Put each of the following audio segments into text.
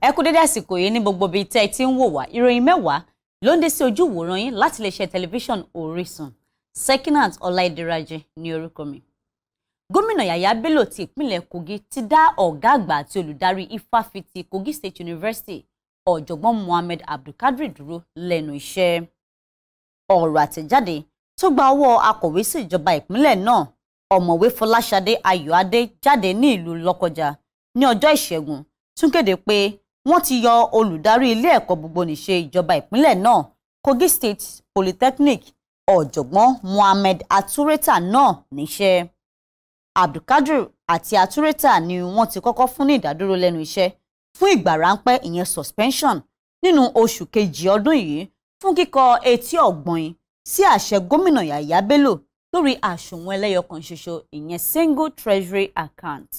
ẹ kú dédé àsìkò yìí ní gbogbo ibi tẹ́ ẹ ti ń wò wá ìròyìn mẹ́wàá ló ń dé sí ojú ìwòran yín láti lè ṣe tẹlifíṣàn Orísun Sekinat Ọláìdíraje ní orúkọ mi. gómìnà Yàyà Bello ti ìpínlẹ̀ Kogi ti dá ọ̀gá àgbà àti olùdarí ifáfitì Kogi State University ọ̀jọ̀gbọ́n Mohammed Abdulkadir dúró lẹ́nu iṣẹ́. ọ̀rọ̀ àtẹ̀jáde tó gba ọwọ́ akọ̀wé sí ìjọba ìpínlẹ̀ náà ọ̀mọ̀wé Fọláṣadé Ayọ̀adé jáde ní ìlú Lọ́kọjà ní ọjọ́ ìṣẹ́gun tún kéde pé wọ́n ti yọ olùdarí ilé ẹ̀kọ́ gbogbonìṣe ìjọba ìpínlẹ̀ náà Kogi State Polytechnic ọ̀jọ̀gbọ́n Mohammed Atureta náà níṣẹ́ Abdulkadir àti Atureta ni wọ́n ti kọ́kọ́ fún ní ìdádúró lẹ́nu iṣẹ́ fún ìgbà ráńpẹ́ ìyẹn suspension nínú oṣù kejì ọdún yìí fún kíkọ etí ọ̀gbọ̀nyin sí àṣẹ gómìnà Yàyà Bello lórí àsùnwọ̀n ẹlẹ́yọkan ṣoṣo ìyẹn single treasury account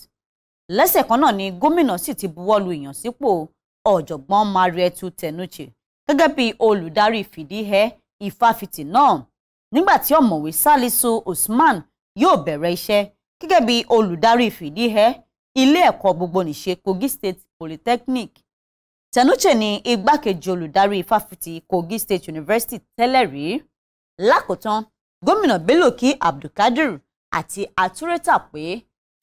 lẹ́sẹ̀ kan náà ni gómìnà sì ti buwọ́lu ìyànsípò ọ̀jọ̀gbọ́n Marietu Tenuche gẹ́gẹ́ bí olùdarí fìdíhẹ ìfáfitì náà nígbà tí ọ̀mọ̀wé Salisu Usman yóò bẹ̀rẹ̀ iṣẹ́ gẹ́gẹ́ bí olùdarí fìdíhẹ ilé ẹ̀kọ́ gbogbonìṣe Kogi State Polytechnic Tenuche ni igbákejì olùdarí ìfáfitì Kogi State University tẹ́lẹ̀ rí lákòótán gómìnà Bello kí Abdulkadir àti atúrẹ́tà pé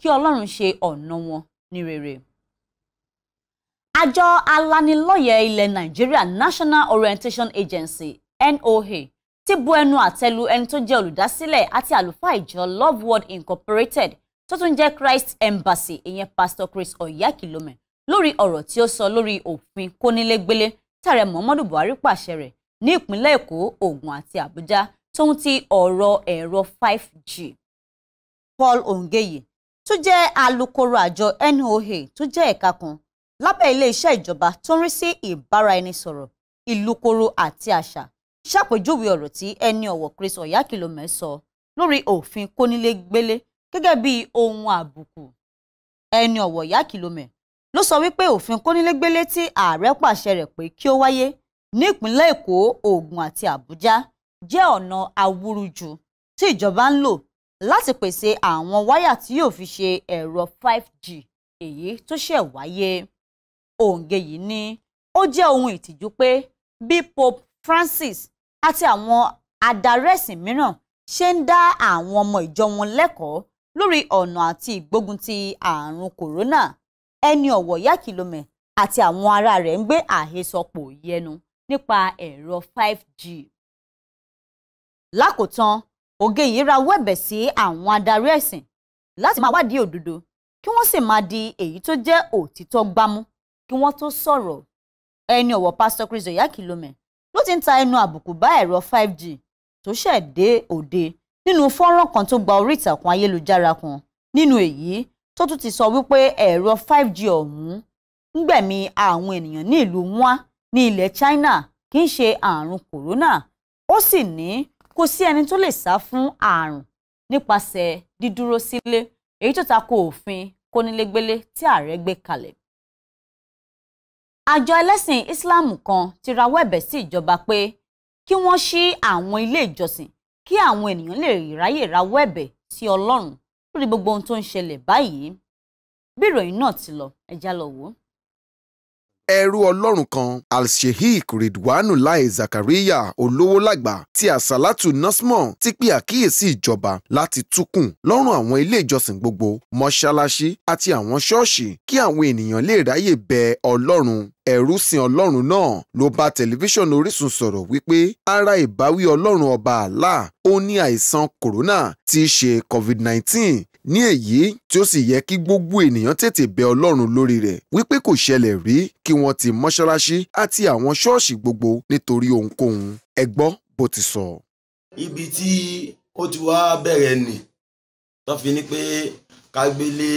kí Ọlọ́run ṣe ọ̀nà wọn ní rere. Àjọ alanilọ́yẹ̀ ilẹ̀ Nàìjíríà National Orientation Agency NOA ti bu ẹnu àtẹ́lu ẹni tó jẹ́ olùdásílẹ̀ àti àlùfáà ìjọ Love Word Incorporated tó tún jẹ́ Christ Embassy ìyẹn Pastor Chris Oyakilome lórí ọ̀rọ̀ tí ó sọ lórí òfin kónílégbélé tààrẹ Muhammadu Buhari pàṣẹ rẹ̀ ní ìpínlẹ̀ Èkó Ògùn àti Àbújá tóun ti ọ̀rọ̀ ẹ̀rọ 5G. Paul Ongeye tó jẹ́ alukoro àjọ NOA tó jẹ́ ẹ̀ka kan lábẹ́ iléeṣẹ́ ìjọba tó ń rí sí ìbáraẹnisọ̀rọ̀ ìlúkoro àti àṣà ṣàpèjúwe ọ̀rọ̀ tí ẹni ọ̀wọ̀ Chris Oyakhilome sọ lórí òfin kónílégbélé gẹ́gẹ́ bí ohun àbùkù ẹni ọ̀wọ̀ Oyakhilome ló sọ wípé òfin kónílégbélé tí ààrẹ pàṣẹ rẹ̀ pé kí ó wáyé ní ìpínlẹ̀ Èkó Ògùn àti Àbújá jẹ́ ọ̀nà awúrúju tí ìjọba ń lò láti pèsè àwọn wáyà tí yóò fi ṣe ẹ̀rọ 5G èyí tó ṣẹ̀ wáyé òǹgẹ̀ yìí ni ó jẹ́ ohun ìtìjú pé bí Pope Francis àti àwọn adarí ẹ̀sìn mìíràn ṣe ń dá àwọn ọmọ ìjọ wọn lẹ́kọ̀ọ́ lórí ọ̀nà àti ìgbógun ti àrùn kòrónà ẹni ọ̀wọ̀ Ìyá Kìlómẹ̀ àti àwọn ará rẹ̀ ń gbé àhesọpọ̀ yẹnu nípa ẹ̀rọ 5G. lákòótán Oge yìí rawọ́ ẹ̀bẹ̀ sí àwọn adarí ẹ̀sìn láti máa wádìí òdodo kí wọ́n sì máa di èyí tó jẹ́ òtítọ́ gbámú kí wọ́n tó sọ̀rọ̀ ẹni ọ̀wọ̀ pásítọ̀ Chris Oyaki Lome ló ti ń ta ẹnu àbùkù bá ẹ̀rọ 5G tó ṣẹ̀ dé òde nínú fọ́nrán kan tó gba orí ìtàkùn ayélujára kan nínú èyí tó tún ti sọ wípé ẹ̀rọ 5G ọ̀hún ń gbẹ̀mí àwọn ènìyàn ní ìlú wọn ní ilẹ̀ China kì í ṣe àrùn kòrónà ó sì ní kò sí ẹni tó lè sá fún ààrùn nípasẹ̀ dídúró sílé èyí tó tako òfin kónílégbélé tí ààrẹ gbé kalẹ̀. àjọ ẹlẹ́sìn Islam kan ti rawọ́ ẹ̀bẹ̀ sí ìjọba pé kí wọ́n ṣí àwọn ilé ìjọsìn kí àwọn ènìyàn lè ráyè rawọ́ ẹ̀bẹ̀ sí Ọlọ́run lórí gbogbo ohun tó ń ṣẹlẹ̀ báyìí bí ìròyìn náà ti lọ ẹ lọ wò ó ẹrú ọlọ́run kan alsheikh ridwanu lai zakaria olówó lágbà ti asalatu nasmo ti pe àkíyèsí ìjọba láti túkùn lọ́rùn àwọn ilé ìjọsìn gbogbo mọ́ṣáláṣí àti àwọn ṣọ́ọ̀ṣì kí àwọn ènìyàn lè ráyè bẹ ọlọ́run ẹ̀rúsìn ọlọ́run náà ló bá tẹlifíṣàn Orísun sọ̀rọ̀ wípé ara ìbáwí ọlọ́run ọba àlá ó ní àìsàn kòrónà tí í ṣe COVID-19 ní èyí tí ó sì yẹ kí gbogbo ènìyàn tètè bẹ ọlọ́run lórí rẹ̀ wípé kò ṣẹlẹ̀ rí kí wọ́n ti mọ́ṣáláṣí àti àwọn ṣọ́ọ̀ṣì gbogbo nítorí ohunkóhun ẹ gbọ́ bó ti sọ. ibi tí ó ti wá bẹ̀rẹ̀ nì tó fi ní pé ká gbélé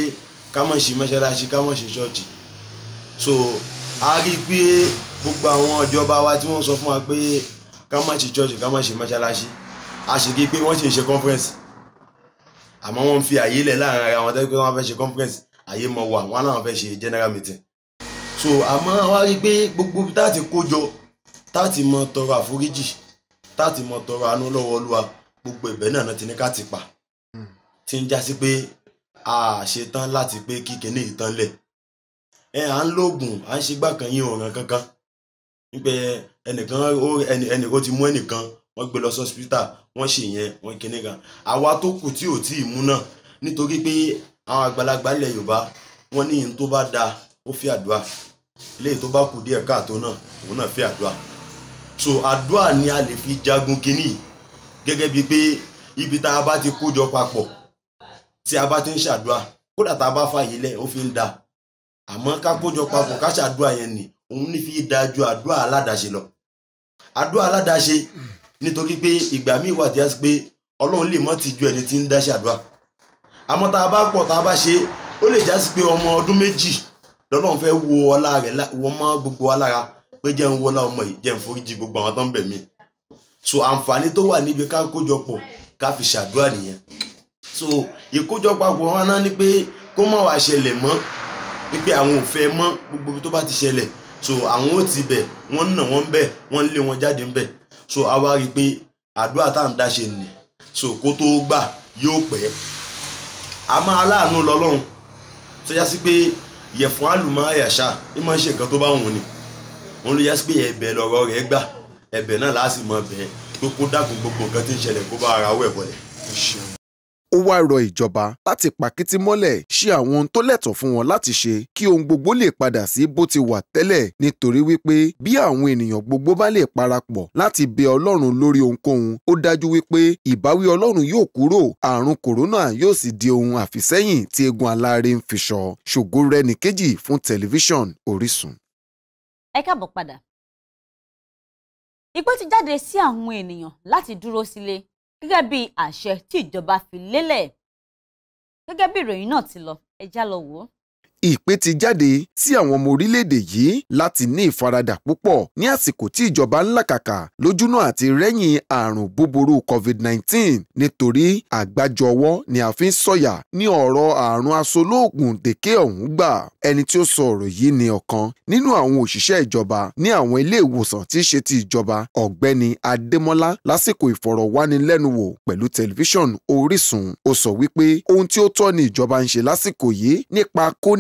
ká má ṣí mọ́ṣáláṣí ká má ṣí ṣọ́ọ̀ṣì so a rí i pé gbogbo àwọn ìjọba wa tí wọ́n sọ fún wa pé ká má ṣe church ká má ṣe mọ́ṣáláṣí a sì rí i pé wọ́n ṣe ń ṣe conference àmọ́ wọ́n fi àyè lẹ̀ láàrin ara wọn tẹ́lẹ̀ pé wọ́n fẹ́ ṣe conference àyè mọ̀ wà wọ́n náà fẹ́ ṣe general meeting so àmọ́ wá rí i pé gbogbo táàtì kójọ táàtì mọ tọrọ àforíjì táàtì mọ tọrọ àánú lọ́wọ́ olúwa gbogbo ìbẹ́ náà ti ní ká ti pa hmm. ti ń jásí pé a ṣetán láti pé kí kinní ìtàn ẹ à ń lóògùn à ń ṣe gbàkan yín ọ̀ràn kankan wípé ẹnìkan ẹnìkan ti mú ẹnìkan wọ́n gbé lọ sọ́sìpítà wọ́n ṣe yẹn wọ́n kíní kan àwa tó kù tí ò tí ì mú náà nítorí pé àwọn àgbàlagbà ilẹ̀ Yorùbá wọ́n ní ìyẹn tó bá dáa ó fi àdúrà eléyìí tó bá kù díẹ̀ káàtó náà òun náà fi àdúrà so àdúrà ni a lè fi jagun kíní gẹ́gẹ́ bíi pé ibi tá a bá ti kó jọ papọ̀ tí a bá ti ń ṣàdúrà kódà tá a bá fàyè lẹ̀ ó fi ń da àmọ́ ká kójọ papọ̀ ká ṣàdúrà yẹn ni òun ní fi dáa ju àdúrà aládàáṣe lọ àdúrà aládàáṣe nítorí pé ìgbà míì wà tí a sì pé ọlọ́run lè mọ́ ti ju ẹni tí ń dáṣe àdúrà àmọ́ tá a bá pọ̀ tá a bá ṣe ó lè já sí pé ọmọ ọdún méjì lọ́lọ́run fẹ́ wo ọlá rẹ̀ wọ́n mọ́ gbogbo wa lára pé jẹ́ ń wọlá ọmọ yìí jẹ́ ń foríjì gbogbo àwọn tó ń bẹ̀ mí so àǹfààní tó wà níbi ká kójọpọ̀ ká fi ṣàdúrà nìyẹn so ìkójọpọ̀ àwọn náà ni pé kó má wàá ṣẹlẹ̀ mọ́ wípé àwọn ò fẹ́ mọ́ gbogbo tó bá ti ṣẹlẹ̀ so àwọn ò ti bẹ̀ wọ́n nà wọ́n bẹ̀ wọ́n lé wọn jáde ń bẹ̀ so a wá rí i pé àdúrà tá à ń dáṣe nì so kó tó gbà yóò pẹ́ a máa láàánú lọ́lọ́run tó yá sí pé yẹ̀fun àlùmọ́ àyàṣà ẹ máa ń ṣe nǹkan tó bá wùn ni wọ́n ló yá sí pé ẹ̀bẹ̀ lọ́rọ̀ rẹ̀ gbà ẹ̀bẹ̀ náà láti mọ̀ bẹ́ẹ̀ pé kó dàgbò gbogbo nǹkan tí ń ṣẹlẹ̀ kó bá ara wẹ̀ bọ̀lẹ̀ ó wá rọ ìjọba láti pàkìtì mọ́lẹ̀ ṣe àwọn ohun tó lẹ́tọ̀ọ́ fún wọn láti ṣe kí ohun gbogbo lè padà sí bó ti wà tẹ́lẹ̀ nítorí wípé bí àwọn ènìyàn gbogbo bá lè parapọ̀ láti bẹ ọlọ́run lórí ohunkóhun ó dájú wípé ìbáwí ọlọ́run yóò kúrò àrùn kòrónà yóò sì di ohun àfisẹ́yìn tí egun aláre ń fi sọ ṣògo rẹ nìkejì fún tẹlifíṣàn Orísun. ẹ káàbọ̀ padà ìpè ti jáde sí àwọn ènìyàn láti dúró sílé gẹ́gẹ́ bí àṣẹ tí ìjọba fi lélẹ̀ gẹ́gẹ́ bí ìròyìn náà ti lọ ẹ lọ wò ó ìpè ti jáde sí àwọn ọmọ orílẹ̀-èdè yìí láti ní ìfaradà púpọ̀ ní àsìkò tí ìjọba ń làkàkà lójúnà àti rẹ́yìn àrùn búburú covid-19 nítorí àgbájọ ni a fi ń sọ̀yà ní ọ̀rọ̀ àrùn asolóògùn dèké ọ̀hún gbà ẹni tí ó sọ ọ̀rọ̀ yìí ni ọ̀kan nínú àwọn òṣìṣẹ́ ìjọba ní àwọn ilé ìwòsàn tí í ṣe ti ìjọba ọ̀gbẹ́ni adémọ́lá lásìkò ìfọ̀rọ̀wánilẹ́nuwò pẹ̀lú tẹlifíṣàn orísun ó sọ wípé ohun tí ó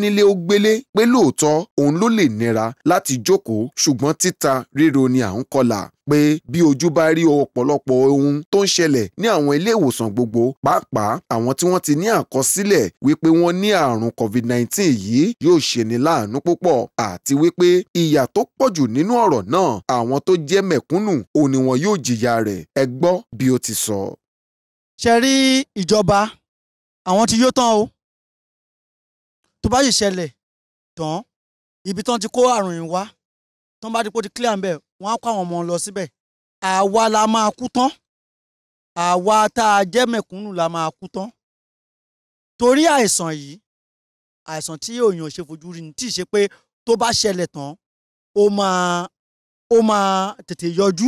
onílé ó gbélé pé lóòótọ́ òun ló lè nira láti jókòó ṣùgbọ́n títa ríro ni à ń kọlà pé bí ojú bá rí ọ̀pọ̀lọpọ̀ ohun tó ń ṣẹlẹ̀ ní àwọn ilé ìwòsàn gbogbo pàápàá àwọn tí wọ́n ti ní àkọsílẹ̀ wípé wọ́n ní àrùn covid-19 yìí yóò ṣeni láàánú púpọ̀ àti wípé ìyà tó pọ̀jù nínú ọ̀rọ̀ náà àwọn tó jẹ́ mẹ̀kúnnù òun ni wọn yóò jìyà rẹ̀ ẹ gbọ́ bí ó ti sọ. ṣe rí ìjọba àwọn tí yóò tán o tó bá sì ṣẹlẹ̀ tán ibi tán ti kó àrùn yìí wá tán bá ti kó ti clear ń bẹ̀ wọ́n á kó àwọn ọmọ lọ síbẹ̀ àwa la máa kú tán àwa tá a jẹ́ mẹ̀kúnnù la máa kú tán torí àìsàn yìí àìsàn tí èèyàn ṣe fojú rí ni tí ì ṣe pé tó bá ṣẹlẹ̀ tán ó máa ó máa tètè yọjú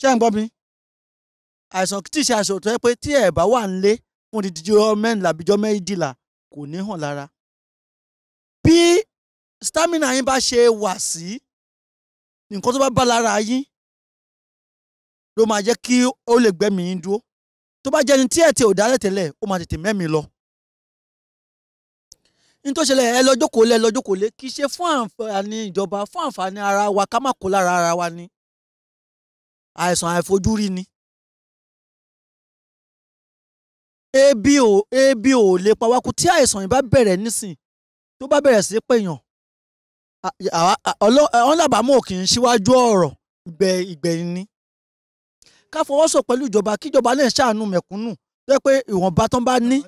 ṣé ń gbọ́ mi àìsàn tí ì ṣe àìsàn tó yẹ pé tí ẹ̀ bá wà ń lé fún ìdíjọ́ mẹ́rìnlá bíjọ́ mẹ́rìndínlá kò ní hàn lára bí stamina yín bá ṣe wà sí nǹkan tó bá bá lára yín ló máa jẹ́ kí ó lè gbẹ́mìí yín dúró tó bá jẹ́ ẹni tí ẹ̀tẹ̀ ò dálẹ̀ tẹ́lẹ̀ ó máa tètè mẹ́mìí lọ ní tó ṣẹlẹ̀ ẹ lọ jókòó lé ẹ lọ lé kì í ṣe fún àǹfààní ìjọba fún àǹfààní ara wa ká má kó lára ara wa ni àìsàn àìfojúrí ni ebi ò ebi ò lè pa wá kú tí àìsàn yìí bá bẹ̀rẹ̀ nísìn tó bá bẹ̀rẹ̀ sí pèèyàn ọlọ́bàámọ̀ kì í ṣíwájú ọ̀rọ̀ ìgbẹ̀yìn ni ká fọwọ́sọ̀ pẹ̀lú ìjọba kí ìjọba náà ṣàánú mẹ̀kúnnù jẹ́ pé ìwọ̀nba tán bá ní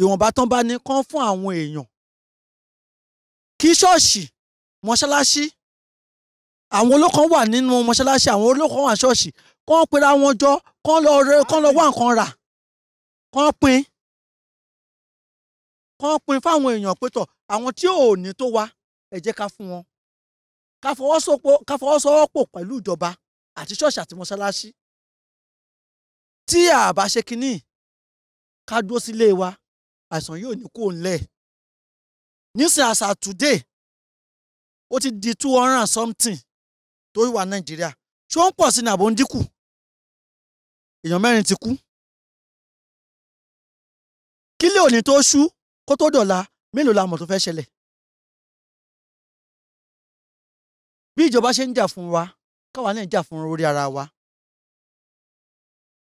ìwọ̀nba tán bá ní kán fún àwọn èèyàn kí ṣọ́ọ̀ṣì mọ́ṣáláṣí àwọn olókan wà nínú mọ́ṣáláṣí àwọn olókan wà ṣọ́ọ̀ṣì kán pera wọn jọ kán lọ wá nǹkan rà kán pín kán pín fáwọn èèyàn pé tọ̀ àwọn tí ò ní tó wa ẹ jẹ́ ká fún wọn ká fọwọ́sowọ́pọ̀ pẹ̀lú ìjọba àti ṣọ́ọ̀ṣì àti mọ́ṣáláṣí tí a bá ṣe kínní ká dúró sílé wa àìsàn yóò ní kó ńlẹ̀ nísìnyí àṣà today ó ti di two hundred and something tó wà nàìjíríà ṣé ó ń pọ̀ sí ní àbò ń dínkù èèyàn mẹ́rin ti kú kílé òní tó ṣú kó tó dọ̀la mélòó la mọ̀ tó fẹ́ ṣẹlẹ̀. bí ìjọba ṣe ń jà fún wa káwa náà ń jà fún orí ara wa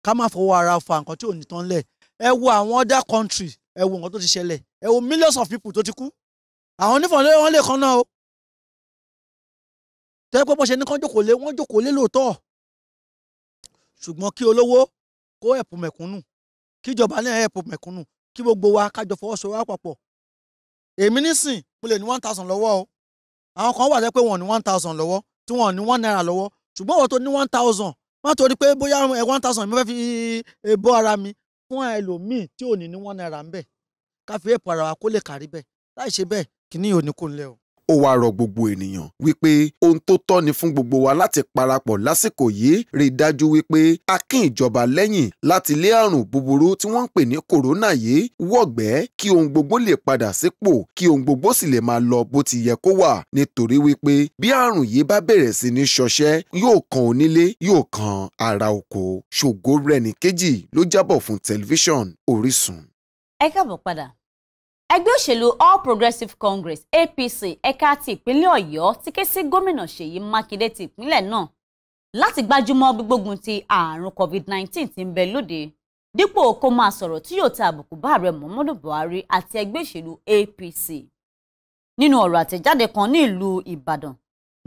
ká má fọwọ́ ara fa nǹkan tí ò tán lẹ̀ ẹ wo àwọn other country ẹ wo nǹkan tó ti ṣẹlẹ̀ ẹ wo millions of people tó ti kú àwọn onífọ̀n lé wọn lè kan náà o tẹ́ pé bó ṣe ní kán jókòó lé wọ́n jókòó lé lóòótọ́ ṣùgbọ́n kí olówó kó ẹ̀pù mẹ̀kúnnù kíjọba náà ẹ̀pù mẹ̀kúnnù kí gbogbo wa kájọ fọwọ́sowọ́ papọ̀ èmi nísìn mo lè ní one thousand lọ́wọ́ o àwọn kan wà tẹ́ pé ní one thousand lọ́wọ́ tí wọ́n ní one naira lọ́wọ́ ṣùgbọ́n wọ́n tó ní one thousand má torí pé bóyá one thousand mi fẹ́ fi bọ́ ara mi fún ẹlòmíì tí ò ní ní one naira ń bẹ̀ ká fi èèpọ̀ ara wa kó lè kárí bẹ́ẹ̀ láì ṣe bẹ́ẹ̀ kìíní ò ní kó ń lẹ́ o ó wáá rọ gbogbo ènìyàn wípé ohun tó tọ́ ni fún gbogbo wa láti parapọ̀ lásìkò yìí rí i dájú wípé a kín ìjọba lẹ́yìn láti lé àrùn búburú tí wọ́n ń pè ní kòrónà yìí wọ̀gbẹ́ kí ohun gbogbo lè padà sípò kí ohun gbogbo sì lè máa lọ bó ti yẹ kó wà nítorí wípé bí àrùn yìí bá bẹ̀rẹ̀ sí ní ṣọṣẹ́ yóò kan onílé yóò kan ara oko ṣògo rẹ̀ ní kejì ló jábọ̀ fún tẹlifíṣàn Orísun. ẹ káàbọ̀ padà ẹgbẹ́ òṣèlú all progressives congress apc ẹ̀ka ti ìpínlẹ̀ ọ̀yọ́ ti ké sí gómìnà ṣèyí mákindé ti ìpínlẹ̀ náà láti gbájúmọ́ gbígbógun ti ààrùn covid-19 ti ń bẹ lóde dípò kó máa sọ̀rọ̀ tí yóò ta àbùkù bá ààrẹ muhammadu buhari àti ẹgbẹ́ òṣèlú apc nínú ọ̀rọ̀ àtẹ̀jáde kan ní ìlú ìbàdàn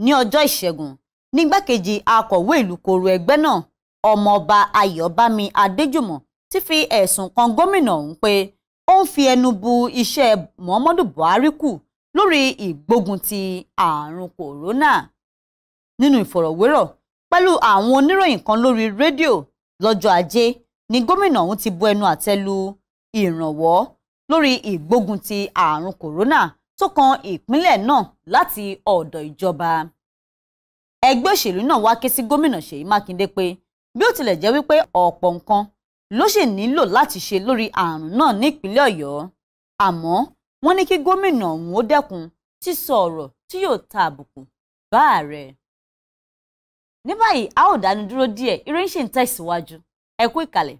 ní ọjọ́ ìṣẹ́gun ní igbákejì akọ̀wé ìlú koro ẹgbẹ́ náà ọmọọba ayọ̀bámi adéjùmọ̀ ti fi ẹ̀sùn kan gómìnà ọ̀hún pé ó ń fi ẹnu bu iṣẹ́ Muhammadu Buhari kù lórí ìgbógun ti àrùn kòrónà nínú ìfọ̀rọ̀wérọ̀ pẹ̀lú àwọn oníròyìn kan lórí rédíò lọ́jọ́ ajé ni gómìnà ọ̀hún ti bu ẹnu àtẹ́ lu ìrànwọ́ lórí ìgbógun ti àrùn kòrónà tó kan ìpínlẹ̀ náà láti ọ̀dọ̀ ìjọba ẹgbẹ́ òṣèlú náà wá ké sí gómìnà Ṣèyí Mákindé pé bí ó tilẹ̀ jẹ́ wípé ọ̀pọ̀ nǹkan ló sì nílò láti ṣe lórí àrùn náà nípínlẹ̀ Ọ̀yọ́ àmọ́ wọ́n ní kí gómìnà ọ̀hún ó dẹ́kun sísọ ọ̀rọ̀ tí yóò ta àbùkù bá ààrẹ. ní báyìí a ó dánu dúró díẹ̀ ìròyìn ṣì ń tẹ̀síwájú ẹ ìkàlẹ̀.